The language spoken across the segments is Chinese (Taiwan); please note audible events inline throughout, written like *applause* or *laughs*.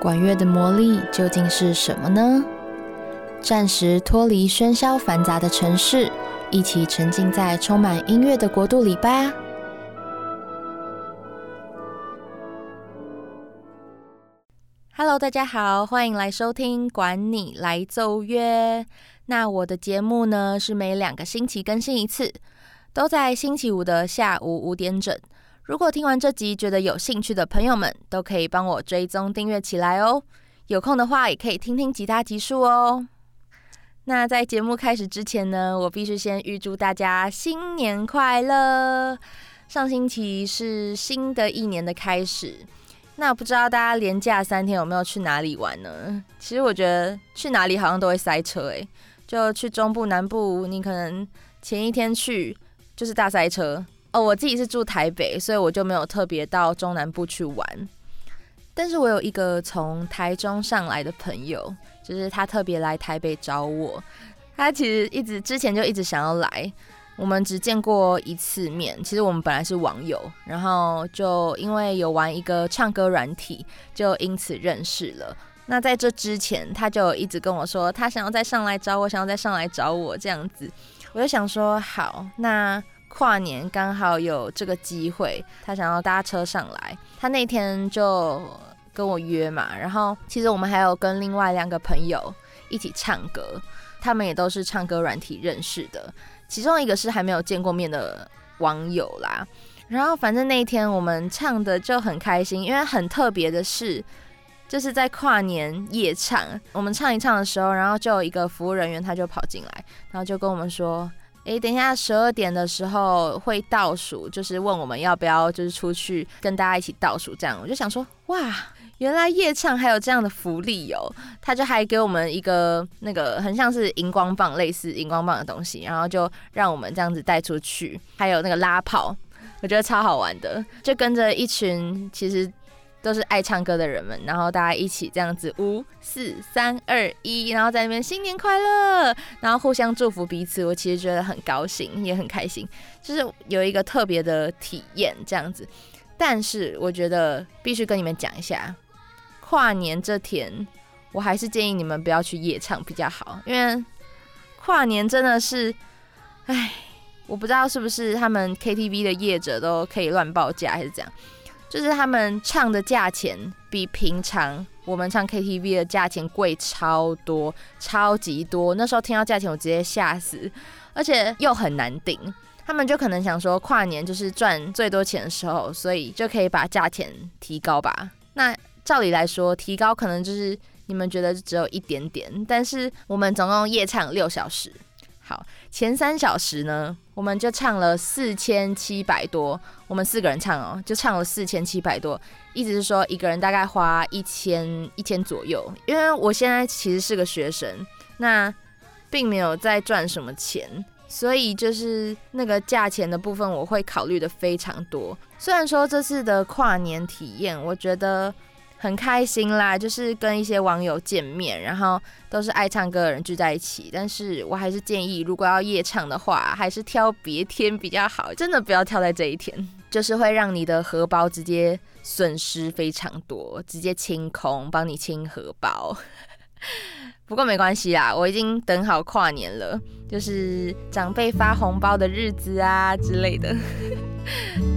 管樂的魔力究竟是什麼呢？暫時脫離喧囂繁雜的城市，一起沉浸在充滿音樂的國度裡吧。Hello，大家好，歡迎來收聽《管你來奏樂》。那我的節目呢，是每兩個星期更新一次，都在星期五的下午五點整。如果聽完這集覺得有興趣的朋友們，都可以幫我追蹤訂閱起來哦。有空的話，也可以聽聽其他集數哦。那在節目開始之前呢，我必須先預祝大家新年快樂。上星期是新的一年的開始，那我不知道大家連假三天有沒有去哪裡玩呢？其實我覺得去哪裡好像都會塞車，欸，哎，就去中部南部，你可能前一天去就是大塞車。哦，我自己是住台北，所以我就沒有特別到中南部去玩。但是我有一個從台中上來的朋友，就是他特別來台北找我。他其實一直之前就一直想要來，我們只見過一次面。其實我們本來是網友，然後就因為有玩一個唱歌軟體，就因此認識了。那在這之前，他就一直跟我說，他想要再上來找我，想要再上來找我這樣子。我就想說，好，那。跨年剛好有這個機會，他想要搭車上來，他那天就跟我約嘛，然後其實我們還有跟另外兩個朋友一起唱歌，他們也都是唱歌軟體認識的，其中一個是還沒有見過面的網友啦，然後反正那一天我們唱的就很開心，因為很特別的是就是在跨年夜唱，我們唱一唱的時候，然後就有一個服務人員他就跑進來，然後就跟我們說。誒，等一下，十二點的時候會倒數，就是問我們要不要，就是出去跟大家一起倒數這樣。我就想說，哇，原來夜唱還有這樣的福利哦！他就還給我們一個那個很像是熒光棒類似熒光棒的東西，然後就讓我們這樣子帶出去，還有那個拉炮，我覺得超好玩的，就跟着一群其實。都是愛唱歌的人們，然後大家一起這樣子五四三二一，5, 4, 3, 2, 1, 然後在那邊新年快樂，然後互相祝福彼此。我其實覺得很高興，也很開心，就是有一個特別的體驗這樣子。但是我覺得必須跟你們講一下，跨年這天，我還是建議你們不要去夜唱比較好，因為跨年真的是，哎，我不知道是不是他們 KTV 的業者都可以亂報價還是怎樣。就是他們唱的價錢比平常我們唱 KTV 的價錢貴超多，超級多。那時候聽到價錢，我直接嚇死，而且又很難頂。他們就可能想說，跨年就是賺最多錢的時候，所以就可以把價錢提高吧。那照理來說，提高可能就是你們覺得只有一點點，但是我們總共夜唱六小時。好，前三小時呢，我們就唱了四千七百多，我們四個人唱哦，就唱了四千七百多，意思是說一個人大概花一千一千左右，因為我現在其實是個學生，那並沒有在賺什麼錢，所以就是那個價錢的部分我會考慮得非常多。雖然說這次的跨年體驗，我覺得。很開心啦，就是跟一些網友見面，然後都是愛唱歌的人聚在一起。但是我還是建議，如果要夜唱的話，還是挑別天比較好，真的不要挑在這一天，就是會讓你的荷包直接損失非常多，直接清空，幫你清荷包。 *laughs* 不過沒關係啦，我已經等好跨年了，就是長輩發紅包的日子啊之類的。 *laughs*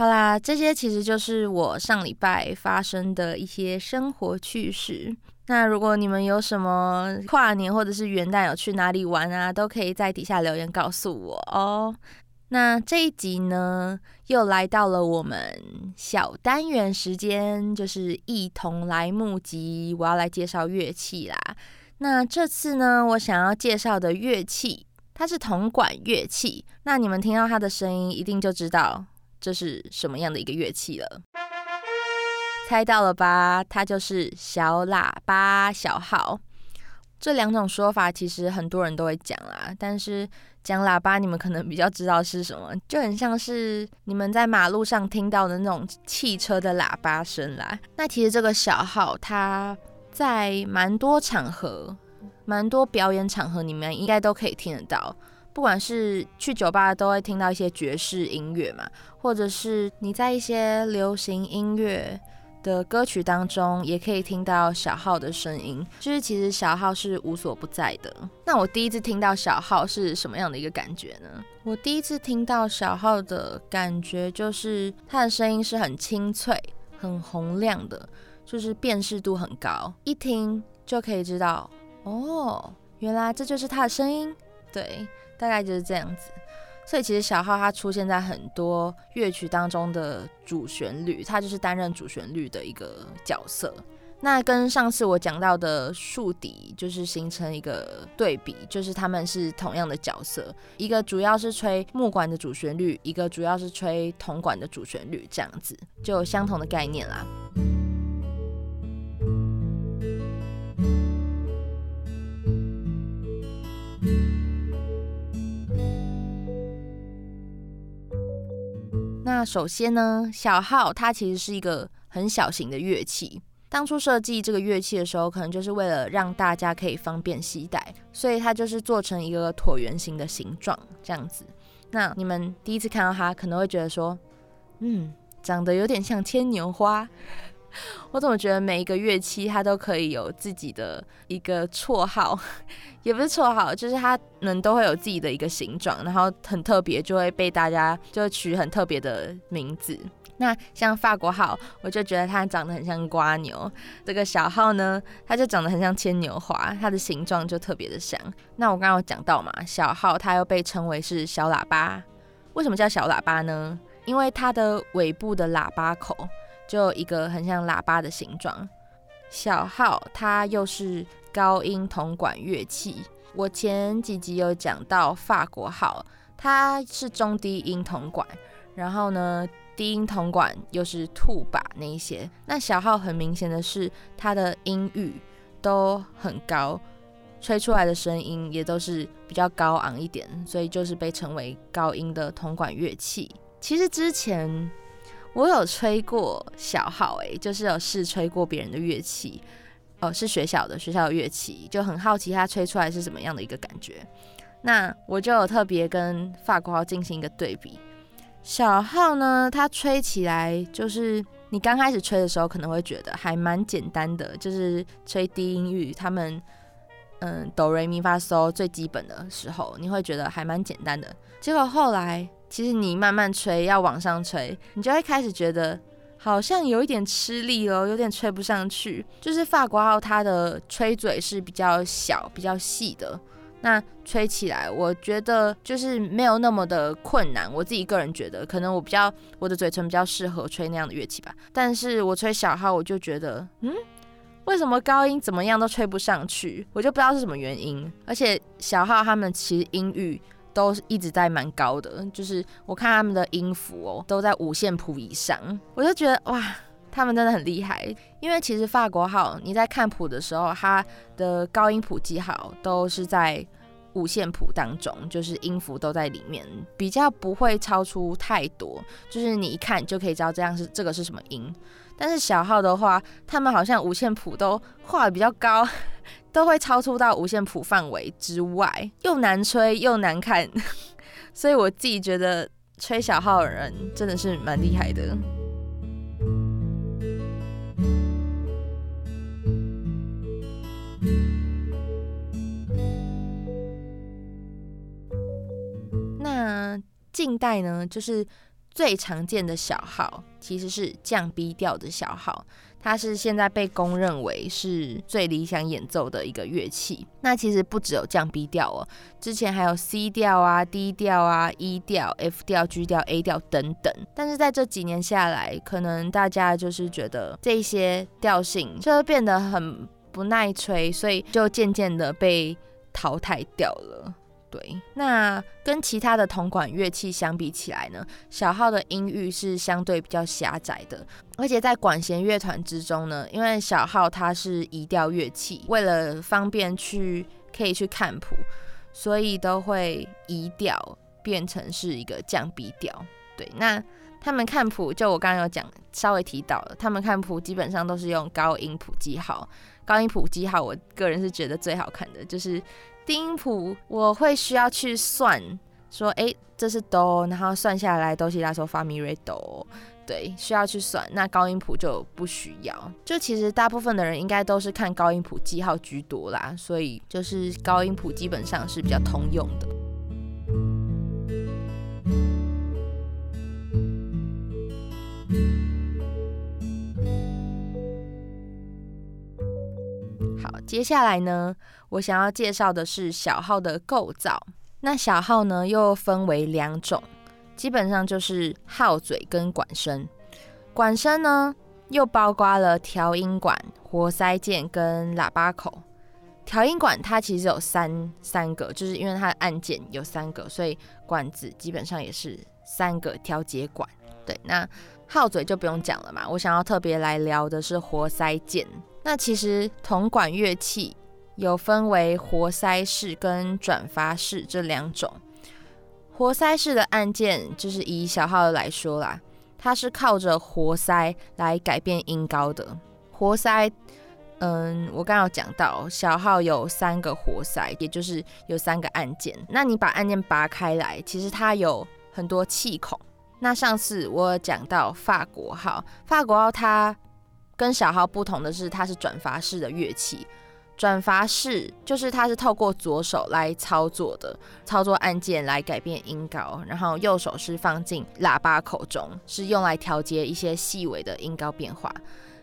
好啦，這些其實就是我上禮拜發生的一些生活趣事。那如果你們有什麼跨年或者是元旦有去哪裡玩啊，都可以在底下留言告訴我哦。那這一集呢，又來到了我們小單元時間，就是一銅來木擊。我要來介紹樂器啦。那這次呢，我想要介紹的樂器，它是銅管樂器。那你們聽到它的聲音，一定就知道。這是什麼樣的一個樂器了？猜到了吧？它就是小喇叭、小號。這兩種說法其實很多人都會講啦，啊，但是講喇叭，你們可能比較知道是什麼，就很像是你們在馬路上聽到的那種汽車的喇叭聲啦。那其實這個小號，它在蠻多場合，蠻多表演場合，你們應該都可以聽得到。不管是去酒吧都會聽到一些爵士音樂嘛，或者是你在一些流行音樂的歌曲當中也可以聽到小號的聲音，就是其實小號是無所不在的。那我第一次聽到小號是什麼樣的一個感覺呢？我第一次聽到小號的感覺就是它的聲音是很清脆、很洪亮的，就是辨識度很高，一聽就可以知道哦，原來這就是它的聲音，對。大概就是這樣子，所以其實小號它出現在很多樂曲當中的主旋律，它就是擔任主旋律的一個角色。那跟上次我講到的豎笛，就是形成一個對比，就是他們是同樣的角色，一個主要是吹木管的主旋律，一個主要是吹銅管的主旋律，這樣子就有相同的概念啦。那首先呢，小號它其實是一個很小型的樂器。當初設計這個樂器的時候，可能就是為了讓大家可以方便攜帶，所以它就是做成一個橢圓形的形狀，這樣子。那你們第一次看到它，可能會覺得說，嗯，長得有點像牽牛花。我怎麼覺得每一個樂器它都可以有自己的一個綽號， *laughs* 也不是綽號，就是它們都會有自己的一個形狀，然後很特別，就會被大家就取很特別的名字。那像法國號，我就覺得它長得很像蝸牛，這個小號呢，它就長得很像牽牛花，它的形狀就特別的像。那我剛剛有講到嘛，小號它又被稱為是小喇叭，為什麼叫小喇叭呢？因為它的尾部的喇叭口。就一個很像喇叭的形狀，小號它又是高音銅管樂器。我前幾集有講到法國號，它是中低音銅管，然後呢，低音銅管又是吐把那一些。那小號很明顯的是它的音域都很高，吹出來的聲音也都是比較高昂一點，所以就是被稱為高音的銅管樂器。其實之前。我有吹過小號，哎，就是有試吹過別人的樂器，哦、呃，是學校的學校的樂器，就很好奇它吹出來是怎麼樣的一個感覺。那我就有特別跟法國號進行一個對比。小號呢，它吹起來就是你剛開始吹的時候可能會覺得還蠻簡單的，就是吹低音域，他們嗯哆瑞咪發嗦最基本的時候，你會覺得還蠻簡單的。結果後來。其實你慢慢吹，要往上吹，你就會開始覺得好像有一點吃力哦，有點吹不上去。就是法國號它的吹嘴是比較小、比較細的，那吹起來我覺得就是沒有那麼的困難。我自己個人覺得，可能我比較我的嘴唇比較適合吹那樣的樂器吧。但是我吹小號，我就覺得，嗯，為什麼高音怎麼樣都吹不上去，我就不知道是什麼原因。而且小號他們其實音域。都是一直在蠻高的，就是我看他們的音符哦，都在五線譜以上，我就覺得哇，他們真的很厲害。因為其實法國號你在看譜的時候，它的高音譜記號都是在五線譜當中，就是音符都在裡面，比較不會超出太多，就是你一看就可以知道這樣是這個是什麼音。但是小號的話，他們好像五線譜都畫得比較高，都會超出到五線譜範圍之外，又難吹又難看，所以我自己覺得吹小號的人真的是蠻厲害的。那近代呢，就是。最常見的小號其實是降 B 調的小號，它是現在被公認為是最理想演奏的一個樂器。那其實不只有降 B 調哦，之前還有 C 調啊、D 調啊、E 調、F 調、G 調、A 調等等。但是在這幾年下來，可能大家就是覺得這些調性就會變得很不耐吹，所以就漸漸的被淘汰掉了。對，那跟其他的銅管樂器相比起來呢，小號的音域是相對比較狹窄的，而且在管弦樂團之中呢，因為小號它是移調樂器，為了方便去可以去看譜，所以都會移調變成是一個降 B 調。對，那。他們看譜，就我剛剛有講，稍微提到了，他們看譜基本上都是用高音譜記號。高音譜記號，我個人是覺得最好看的，就是低音譜我會需要去算，說，誒，這是哆，然後算下來哆西拉嗦發咪瑞哆，Do, 對，需要去算。那高音譜就不需要，就其實大部分的人應該都是看高音譜記號居多啦，所以就是高音譜基本上是比較通用的。接下來呢，我想要介紹的是小號的構造。那小號呢，又分為兩種，基本上就是號嘴跟管身。管身呢，又包括了調音管、活塞鍵跟喇叭口。調音管它其實有三三個，就是因為它的按鍵有三個，所以管子基本上也是三個調節管。對，那號嘴就不用講了嘛。我想要特別來聊的是活塞鍵。那其實銅管樂器有分為活塞式跟轉閥式這兩種。活塞式的按鍵就是以小號來說啦，它是靠着活塞來改變音高的。活塞，嗯，我剛剛有講到小號有三個活塞，也就是有三個按鍵。那你把按鍵拔開來，其實它有很多氣孔。那上次我有講到法國號，法國號它。跟小號不同的是，它是轉閥式的樂器。轉閥式就是它是透過左手來操作的，操作按鍵來改變音高，然後右手是放進喇叭口中，是用來調節一些細微的音高變化。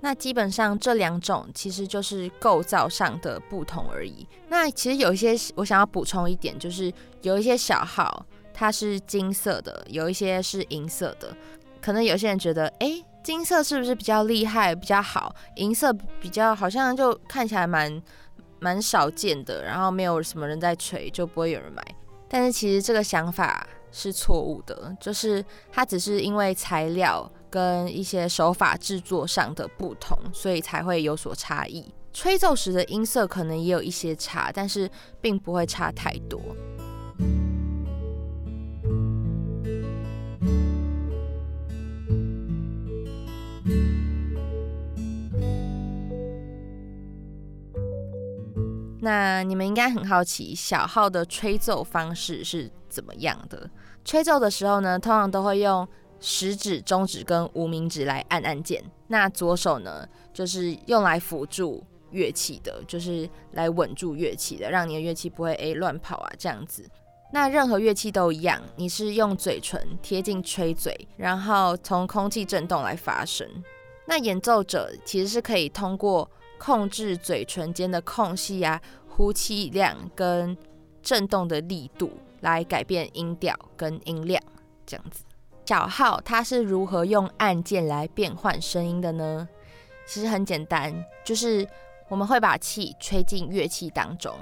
那基本上這兩種其實就是構造上的不同而已。那其實有一些我想要補充一點，就是有一些小號它是金色的，有一些是銀色的，可能有些人覺得，哎。金色是不是比較厲害比較好？銀色比較好像就看起來蠻蠻少見的，然後沒有什麼人在吹，就不會有人買。但是其實這個想法是錯誤的，就是它只是因為材料跟一些手法制作上的不同，所以才會有所差異。吹奏時的音色可能也有一些差，但是並不會差太多。那你們應該很好奇小號的吹奏方式是怎麼樣的？吹奏的時候呢，通常都會用食指、中指跟無名指來按按鍵。那左手呢，就是用來輔助樂器的，就是來穩住樂器的，讓你的樂器不會誒亂跑啊，這樣子。那任何樂器都一樣，你是用嘴唇貼近吹嘴，然後從空氣震動來發聲。那演奏者其實是可以通過。控制嘴唇間的空隙啊，呼氣量跟震動的力度來改變音調跟音量，這樣子。小號它是如何用按鍵來變換聲音的呢？其實很簡單，就是我們會把氣吹進樂器當中，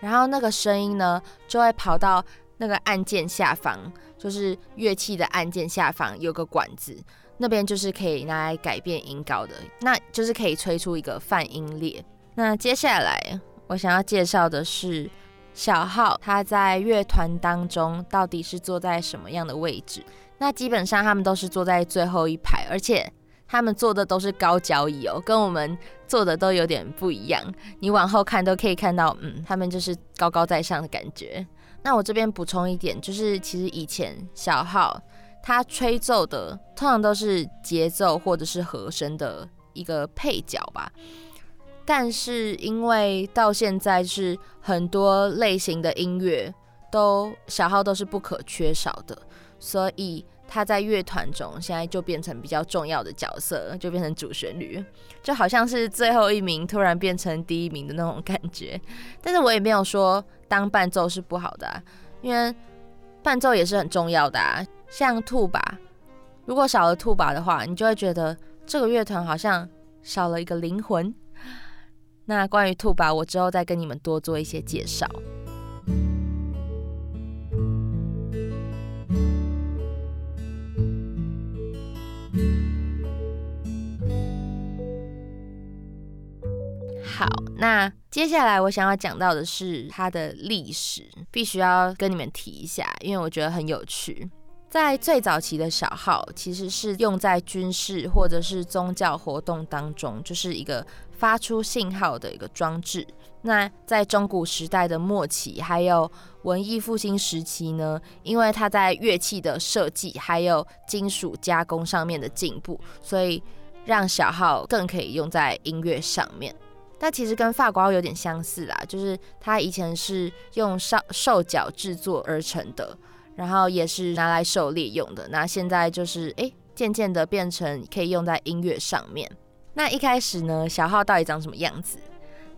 然後那個聲音呢就會跑到那個按鍵下方，就是樂器的按鍵下方有個管子。那邊就是可以拿來改變音高的，那就是可以吹出一個泛音列。那接下來我想要介紹的是小號，他在樂團當中到底是坐在什麼樣的位置？那基本上他們都是坐在最後一排，而且他們坐的都是高腳椅哦、喔，跟我們坐的都有點不一樣。你往後看都可以看到，嗯，他們就是高高在上的感覺。那我這邊補充一點，就是其實以前小號。他吹奏的通常都是節奏或者是和聲的一個配角吧，但是因為到現在是很多類型的音樂都小號都是不可缺少的，所以他在樂團中現在就變成比較重要的角色，就變成主旋律，就好像是最後一名突然變成第一名的那種感覺。但是我也沒有說當伴奏是不好的啊，因為。伴奏也是很重要的啊，像 Tuba，如果少了 Tuba 的話，你就會覺得這個樂團好像少了一個靈魂。那關於 Tuba，我之後再跟你們多做一些介紹。接下來我想要講到的是它的歷史，必須要跟你們提一下，因為我覺得很有趣。在最早期的小號其實是用在軍事或者是宗教活動當中，就是一個發出信號的一個裝置。那在中古時代的末期，還有文藝復興時期呢，因為它在樂器的設計還有金屬加工上面的進步，所以讓小號更可以用在音樂上面。那其實跟法國號有點相似啦，就是它以前是用獸獸角製作而成的，然後也是拿來狩獵用的。那現在就是誒，漸漸的變成可以用在音樂上面。那一開始呢，小號到底長什麼樣子？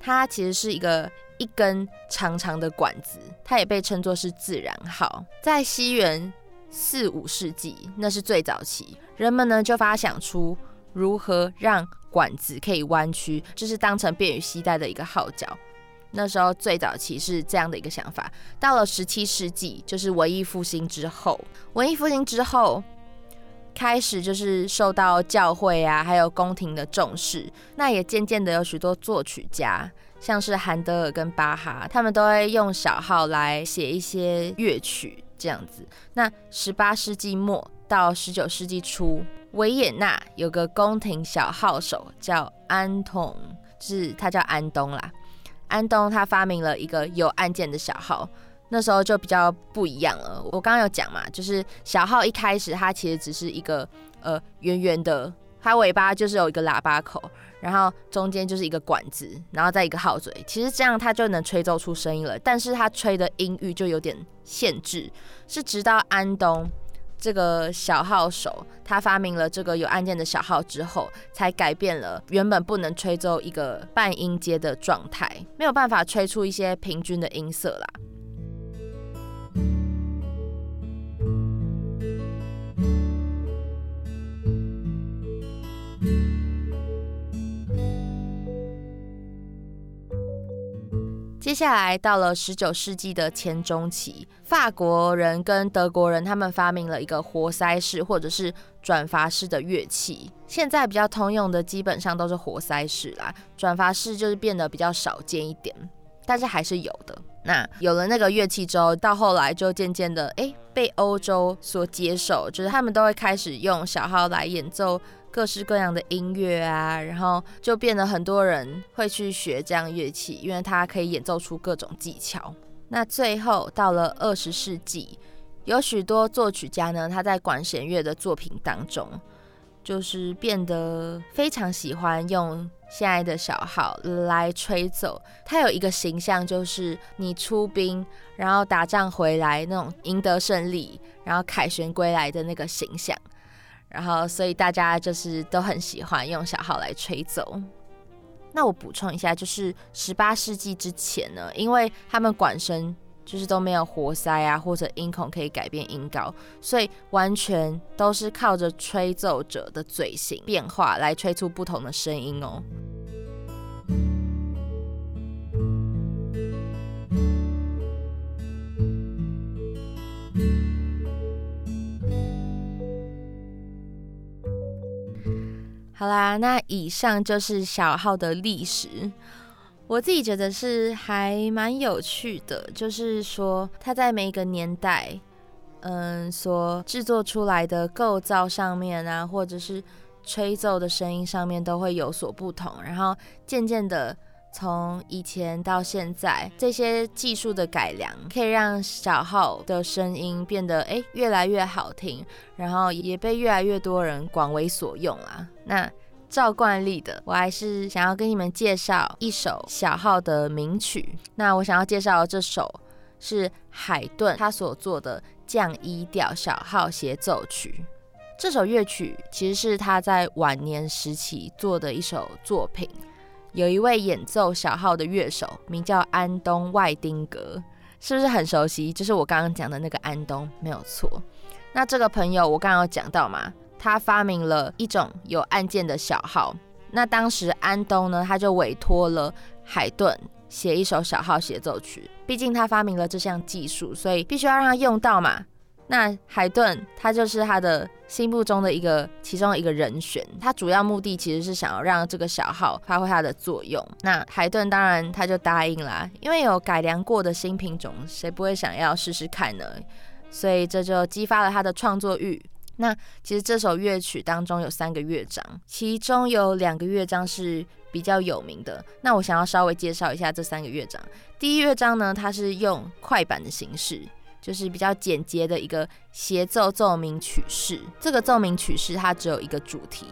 它其實是一個一根長長的管子，它也被稱作是自然號。在西元四五世紀，那是最早期，人們呢就發想出。如何讓管子可以彎曲，這是當成便於攜帶的一個號角。那時候最早期是這樣的一個想法。到了十七世紀，就是文藝復興之後，文藝復興之後開始就是受到教會啊，還有宮廷的重視。那也漸漸的有許多作曲家，像是韓德爾跟巴哈，他們都會用小號來寫一些樂曲這樣子。那十八世紀末到十九世紀初，維也納有個宮廷小號手叫安東，就是他叫安東啦。安東他發明了一個有按鍵的小號，那時候就比較不一樣了。我剛剛有講嘛，就是小號一開始它其實只是一個呃圓圓的，它尾巴就是有一個喇叭口，然後中間就是一個管子，然後再一個號嘴。其實這樣它就能吹奏出聲音了，但是它吹的音域就有點限制。是直到安東。這個小號手，他發明了這個有按鍵的小號之後，才改變了原本不能吹奏一個半音階的狀態，沒有辦法吹出一些平均的音色啦。接下來到了十九世紀的前中期，法國人跟德國人他們發明了一個活塞式或者是轉閥式的樂器。現在比較通用的基本上都是活塞式啦，轉閥式就是變得比較少見一點，但是還是有的。那有了那個樂器之後，到後來就漸漸的、欸、被歐洲所接受，就是他們都會開始用小號來演奏，各式各樣的音樂啊，然後就變得很多人會去學這樣樂器，因為它可以演奏出各種技巧。那最後到了二十世紀，有許多作曲家呢，他在管弦樂的作品當中，就是變得非常喜歡用現在的小號來吹奏。他有一個形象，就是你出兵，然後打仗回來，那種贏得勝利，然後凱旋歸來的那個形象。然後，所以大家就是都很喜歡用小號來吹奏。那我補充一下，就是十八世紀之前呢，因為他們管身就是都沒有活塞啊或者音孔可以改變音高，所以完全都是靠着吹奏者的嘴型變化來吹出不同的聲音哦。好啦，那以上就是小號的歷史。我自己覺得是還蠻有趣的，就是說它在每一個年代，嗯，所製作出來的構造上面啊，或者是吹奏的聲音上面都會有所不同，然後漸漸的。從以前到現在，這些技術的改良可以讓小號的聲音變得誒越來越好聽，然後也被越來越多人廣為所用啊。那照慣例的，我還是想要跟你們介紹一首小號的名曲。那我想要介紹的這首是海頓他所作的降 E 調小號協奏曲。這首樂曲其實是他在晚年時期作的一首作品。有一位演奏小號的樂手，名叫安東外丁格，是不是很熟悉？就是我剛剛講的那個安東，沒有錯。那這個朋友，我剛剛有講到嘛，他發明了一種有按鍵的小號。那當時安東呢，他就委托了海頓寫一首小號協奏曲，畢竟他發明了這項技術，所以必須要讓他用到嘛。那海頓他就是他的心目中的一個，其中一個人選，他主要目的其實是想要讓這個小號發揮它的作用。那海頓當然他就答應啦，因為有改良過的新品種，誰不會想要試試看呢？所以這就激發了他的創作欲。那其實這首樂曲當中有三個樂章，其中有兩個樂章是比較有名的。那我想要稍微介紹一下這三個樂章。第一樂章呢，它是用快板的形式，就是比較簡潔的一個協奏奏鳴曲式，這個奏鳴曲式它只有一個主題，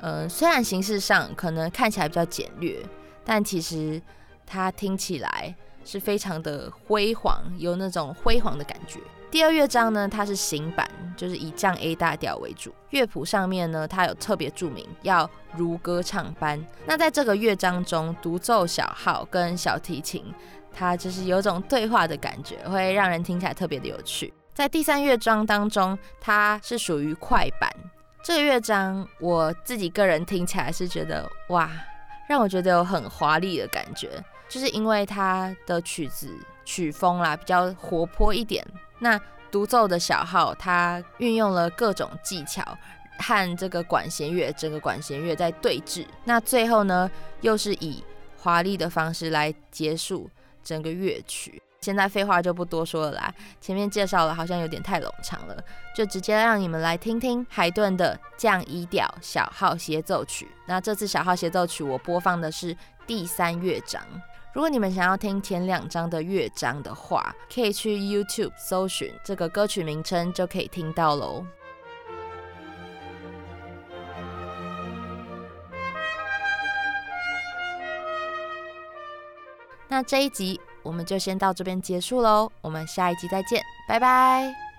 嗯，雖然形式上可能看起來比較簡略，但其實它聽起來是非常的輝煌，有那種輝煌的感覺。第二樂章呢，它是行板，就是以降 A 大調為主，樂譜上面呢，它有特別注明要如歌唱般。那在這個樂章中，獨奏小號跟小提琴，它就是有種對話的感覺，會讓人聽起來特別的有趣。在第三樂章當中，它是屬於快板。這個樂章我自己個人聽起來是覺得哇，讓我覺得有很華麗的感覺，就是因為它的曲子曲風啦比較活潑一點。那獨奏的小號它運用了各種技巧，和這個管弦樂、整個管弦樂在對峙。那最後呢，又是以華麗的方式來結束。整個樂曲，現在廢話就不多說了啦。前面介紹了好像有點太冗長了，就直接讓你們來聽聽海頓的降 E 調小號協奏曲。那這次小號協奏曲我播放的是第三樂章。如果你們想要聽前兩章的樂章的話，可以去 YouTube 搜尋這個歌曲名稱就可以聽到嘍。那這一集我們就先到這邊結束嘍，我們下一集再見，拜拜。